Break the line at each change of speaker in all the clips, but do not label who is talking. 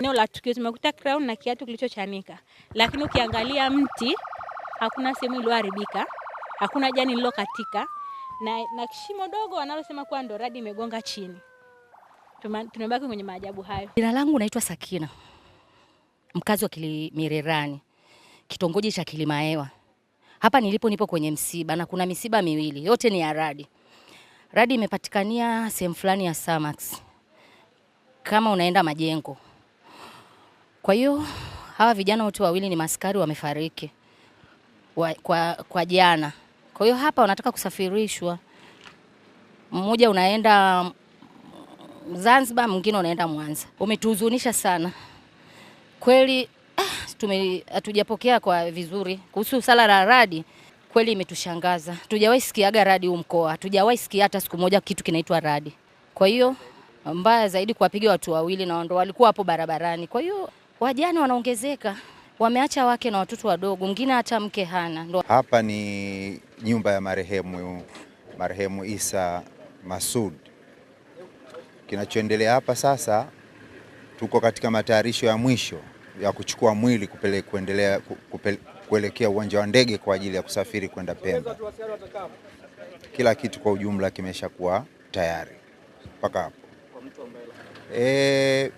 Eneo la tukio tumekuta crown na kiatu kilichochanika, lakini ukiangalia mti hakuna sehemu iliyoharibika, hakuna jani lililokatika na, na kishimo dogo wanalosema kuwa ndo radi imegonga chini. Tumebaki kwenye maajabu hayo.
Jina langu naitwa Sakina, mkazi wa Kilimirerani, kitongoji cha Kilimaewa. Hapa nilipo nipo kwenye msiba na kuna misiba miwili, yote ni ya radi. Radi imepatikania sehemu fulani ya Samax, kama unaenda majengo kwa hiyo hawa vijana wote wawili ni maskari wamefariki wa, kwa, kwa jana. Kwa hiyo hapa wanataka kusafirishwa, mmoja unaenda Zanzibar, mwingine unaenda Mwanza. Umetuhuzunisha sana kweli, ah, hatujapokea kwa vizuri kuhusu sala la radi. Kweli imetushangaza, tujawahi sikiaga radi huu mkoa, tujawahi sikia hata siku moja kitu kinaitwa radi. Kwa hiyo mbaya zaidi kuwapiga watu wawili na ndo walikuwa hapo barabarani, kwa hiyo Wajane wanaongezeka, wameacha wake na watoto wadogo, mwingine hata mke hana. Ndo
hapa ni nyumba ya marehemu marehemu Isa Masud. Kinachoendelea hapa sasa, tuko katika matayarisho ya mwisho ya kuchukua mwili kupele, kuendelea, kupele, kuelekea uwanja wa ndege kwa ajili ya kusafiri kwenda Pemba. Kila kitu kwa ujumla kimeshakuwa tayari mpaka hapo. E,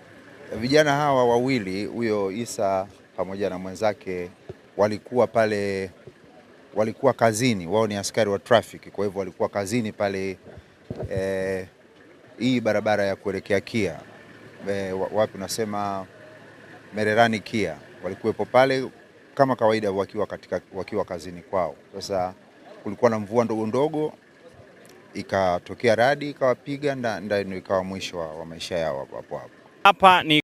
Vijana hawa wawili, huyo Isa pamoja na mwenzake, walikuwa pale, walikuwa kazini. Wao ni askari wa traffic, kwa hivyo walikuwa kazini pale eh, hii barabara ya kuelekea Kia eh, wapi unasema Mererani Kia, walikuwepo pale kama kawaida wakiwa, katika, wakiwa kazini kwao. Sasa kulikuwa na mvua ndogo ndogo ikatokea radi ikawapiga, ndio ikawa mwisho wa maisha yao hapo hapo.
Hapa ni